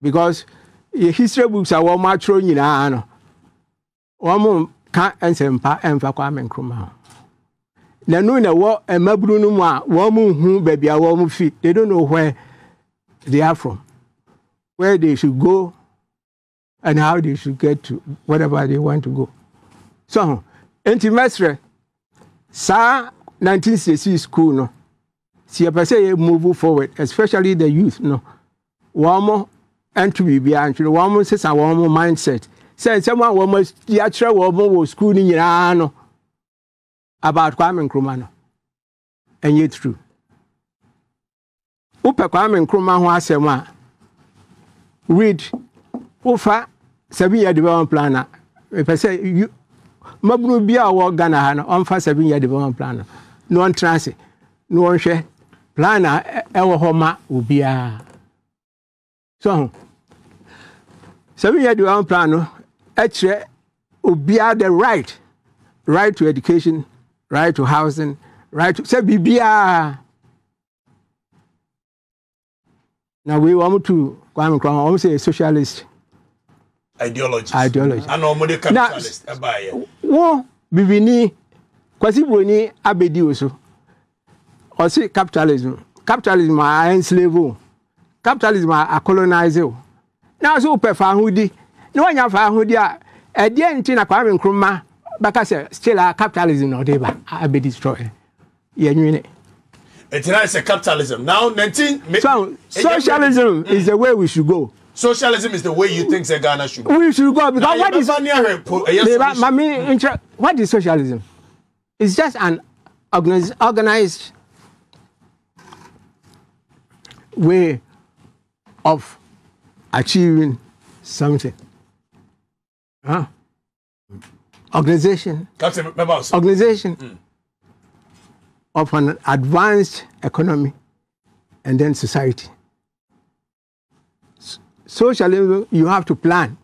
because history books are wɔn atwerɛ nyinaa no wɔn ka nsɛmpa mfa kwame nkrumah ho nanu na ɛwɔ mmabunu no mu a wɔn hu baabi a wɔn fi they don't know where they are from where they should go and how they should get to whatever they want to go so nti mɛsrɛ saa 1966 school no si yɛpɛ sɛ yɛ move forward especially the youth no wɔn. nto biribiara ntwene wɔn mo sesa wɔn mo mindset sɛ nsɛm a wɔn adi akyerɛ wɔn mo wɔ sukuu no nyinaa no about Kwame Nkrumah no ɛnyɛ true wopɛ Kwame Nkrumah ho asɛm a read wofa seven year development plan a mepɛ sɛ mmabunu bi a wɔwɔ Ghana ha no ɔmfa seven year development plan no na ɔntena ase na ɔnhwɛ plan a ɛwɔ hɔ ma obiara so ho. seven year development plan no ɛkyerɛ obiara the right right to education right to housing right to sɛ biribiara na wei wɔn tu kwame nkrumah wɔn sɛ socialist ideology ideology ana wɔn de capitalist ɛba yɛ wɔn bibini kwasi buroni abedi wo so ɔsi capitalism capitalism a enslave o capitalism a colonize o na nso wopɛ fa ahodi na wanya fa ahodi a ɛdeɛ nti na kwame nkrumah bɛka sɛ still a capitalism na ɔde ba abɛ destroy yɛnwene ɛtina sɛ capitalism now nineteen. so socialism mm. is the way we should go socialism is the way you think that ghana should go we should go because now, what is mami what is socialism it's just an organized, organized way of achieving something. Huh? Organization. Captain, members. Organization mm. of an advanced economy and then society. S socialism, you have to plan.